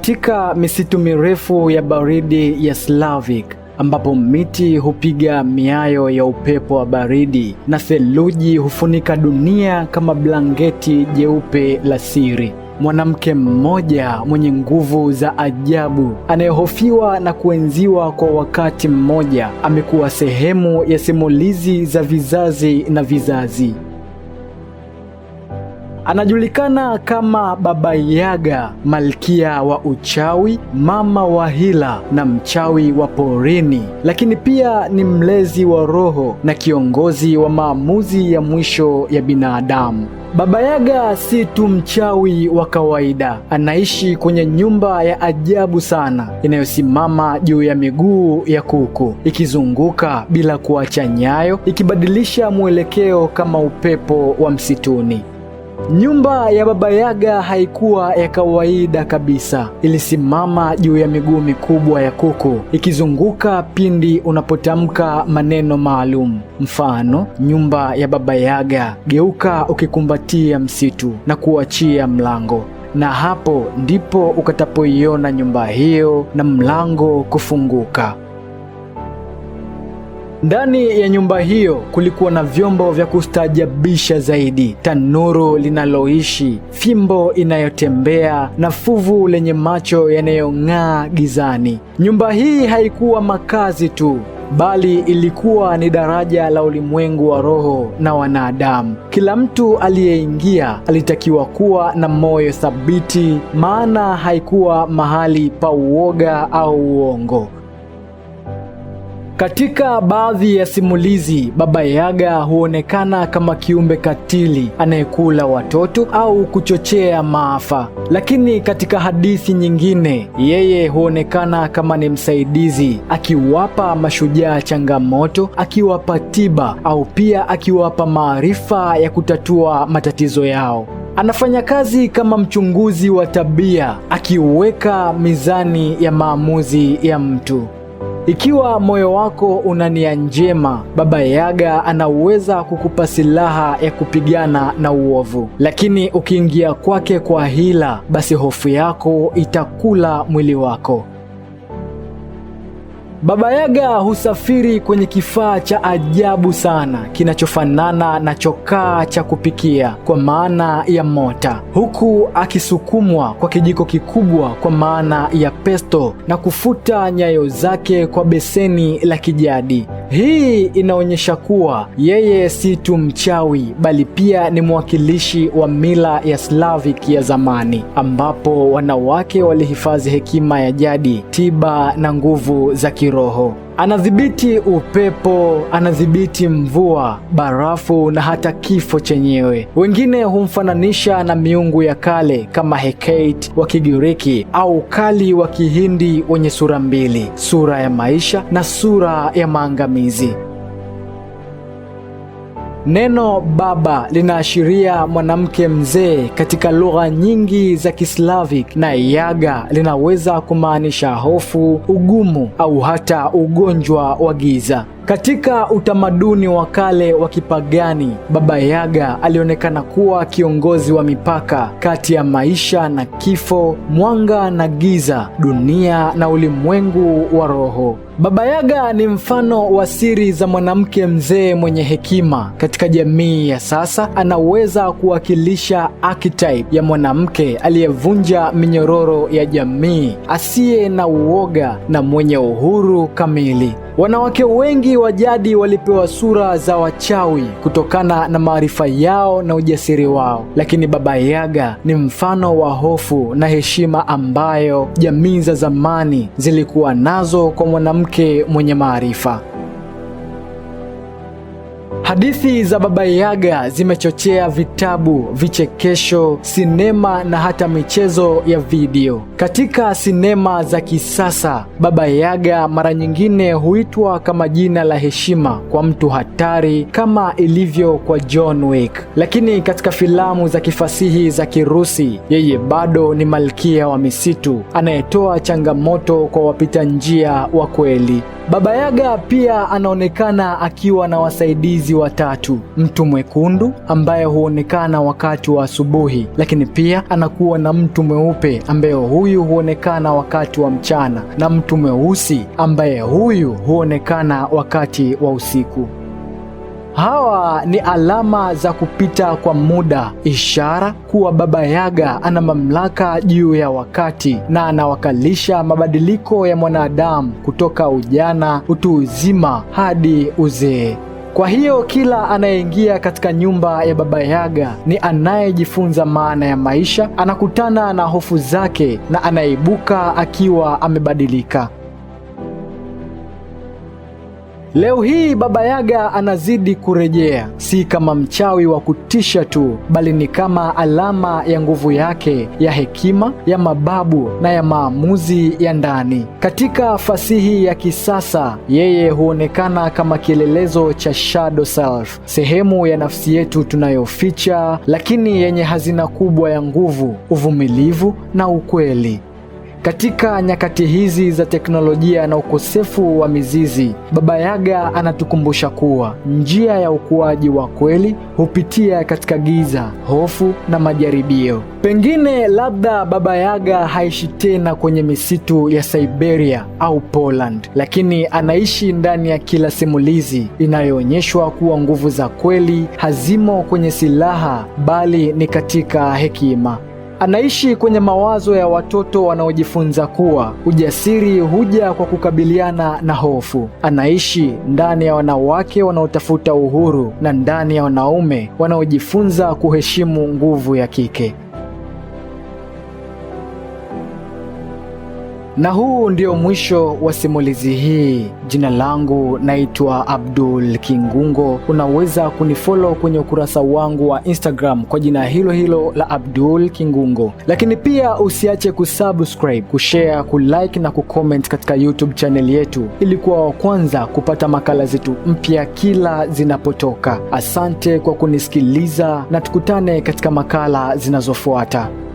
Katika misitu mirefu ya baridi ya Slavic ambapo miti hupiga miayo ya upepo wa baridi na theluji hufunika dunia kama blanketi jeupe la siri. Mwanamke mmoja mwenye nguvu za ajabu anayehofiwa na kuenziwa kwa wakati mmoja amekuwa sehemu ya simulizi za vizazi na vizazi. Anajulikana kama Baba Yaga, malkia wa uchawi, mama wa hila na mchawi wa porini, lakini pia ni mlezi wa roho na kiongozi wa maamuzi ya mwisho ya binadamu. Baba Yaga si tu mchawi wa kawaida, anaishi kwenye nyumba ya ajabu sana inayosimama juu ya miguu ya kuku, ikizunguka bila kuacha nyayo, ikibadilisha mwelekeo kama upepo wa msituni. Nyumba ya Baba Yaga haikuwa ya kawaida kabisa. Ilisimama juu ya miguu mikubwa ya kuku, ikizunguka pindi unapotamka maneno maalum, mfano nyumba ya Baba Yaga, geuka ukikumbatia msitu na kuachia mlango na hapo ndipo ukatapoiona nyumba hiyo na mlango kufunguka. Ndani ya nyumba hiyo kulikuwa na vyombo vya kustaajabisha zaidi: tanuru linaloishi, fimbo inayotembea na fuvu lenye macho yanayong'aa gizani. Nyumba hii haikuwa makazi tu bali ilikuwa ni daraja la ulimwengu wa roho na wanadamu. Kila mtu aliyeingia alitakiwa kuwa na moyo thabiti, maana haikuwa mahali pa uoga au uongo. Katika baadhi ya simulizi, Baba Yaga huonekana kama kiumbe katili anayekula watoto au kuchochea maafa, lakini katika hadithi nyingine, yeye huonekana kama ni msaidizi, akiwapa mashujaa changamoto, akiwapa tiba au pia akiwapa maarifa ya kutatua matatizo yao. Anafanya kazi kama mchunguzi wa tabia, akiweka mizani ya maamuzi ya mtu. Ikiwa moyo wako una nia njema, Baba Yaga anaweza kukupa silaha ya kupigana na uovu, lakini ukiingia kwake kwa hila, basi hofu yako itakula mwili wako. Baba Yaga husafiri kwenye kifaa cha ajabu sana kinachofanana na chokaa cha kupikia kwa maana ya mota, huku akisukumwa kwa kijiko kikubwa kwa maana ya pesto na kufuta nyayo zake kwa beseni la kijadi. Hii inaonyesha kuwa yeye si tu mchawi bali pia ni mwakilishi wa mila ya Slavic ya zamani ambapo wanawake walihifadhi hekima ya jadi, tiba na nguvu za kiroho. Anadhibiti upepo, anadhibiti mvua, barafu na hata kifo chenyewe. Wengine humfananisha na miungu ya kale kama Hecate wa Kigiriki au Kali wa Kihindi, wenye sura mbili, sura ya maisha na sura ya maangamizi mwandamizi. Neno baba linaashiria mwanamke mzee katika lugha nyingi za Kislavic na yaga linaweza kumaanisha hofu, ugumu au hata ugonjwa wa giza. Katika utamaduni wa kale wa kipagani, Baba Yaga alionekana kuwa kiongozi wa mipaka kati ya maisha na kifo, mwanga na giza, dunia na ulimwengu wa roho. Baba Yaga ni mfano wa siri za mwanamke mzee mwenye hekima. Katika jamii ya sasa, anaweza kuwakilisha archetype ya mwanamke aliyevunja minyororo ya jamii, asiye na uoga na mwenye uhuru kamili. Wanawake wengi wa jadi walipewa sura za wachawi kutokana na maarifa yao na ujasiri wao, lakini Baba Yaga ni mfano wa hofu na heshima ambayo jamii za zamani zilikuwa nazo kwa mwanamke mwenye maarifa. Hadithi za Baba Yaga zimechochea vitabu, vichekesho, sinema na hata michezo ya video. Katika sinema za kisasa, Baba Yaga mara nyingine huitwa kama jina la heshima kwa mtu hatari kama ilivyo kwa John Wick. Lakini katika filamu za kifasihi za Kirusi, yeye bado ni malkia wa misitu anayetoa changamoto kwa wapita njia wa kweli. Baba Yaga pia anaonekana akiwa na wasaidizi watatu, mtu mwekundu ambaye huonekana wakati wa asubuhi, lakini pia anakuwa na mtu mweupe ambaye huyu huonekana wakati wa mchana na mtu mweusi ambaye huyu huonekana wakati wa usiku. Hawa ni alama za kupita kwa muda, ishara kuwa Baba Yaga ana mamlaka juu ya wakati na anawakalisha mabadiliko ya mwanadamu kutoka ujana, utu uzima hadi uzee. Kwa hiyo kila anayeingia katika nyumba ya Baba Yaga ni anayejifunza maana ya maisha, anakutana na hofu zake na anaibuka akiwa amebadilika. Leo hii Baba Yaga anazidi kurejea, si kama mchawi wa kutisha tu, bali ni kama alama ya nguvu yake ya hekima, ya mababu na ya maamuzi ya ndani. Katika fasihi ya kisasa, yeye huonekana kama kielelezo cha shadow self, sehemu ya nafsi yetu tunayoficha, lakini yenye hazina kubwa ya nguvu, uvumilivu na ukweli. Katika nyakati hizi za teknolojia na ukosefu wa mizizi, Baba Yaga anatukumbusha kuwa njia ya ukuaji wa kweli hupitia katika giza, hofu na majaribio. Pengine labda Baba Yaga haishi tena kwenye misitu ya Siberia au Poland, lakini anaishi ndani ya kila simulizi inayoonyeshwa kuwa nguvu za kweli hazimo kwenye silaha bali ni katika hekima. Anaishi kwenye mawazo ya watoto wanaojifunza kuwa ujasiri huja kwa kukabiliana na hofu. Anaishi ndani ya wanawake wanaotafuta uhuru na ndani ya wanaume wanaojifunza kuheshimu nguvu ya kike. Na huu ndio mwisho wa simulizi hii. Jina langu naitwa Abdul Kingungo. Unaweza kunifollow kwenye ukurasa wangu wa Instagram kwa jina hilo hilo la Abdul Kingungo, lakini pia usiache kusubscribe, kushare, kulike na kucomment katika YouTube channel yetu ili kuwa wa kwanza kupata makala zetu mpya kila zinapotoka. Asante kwa kunisikiliza na tukutane katika makala zinazofuata.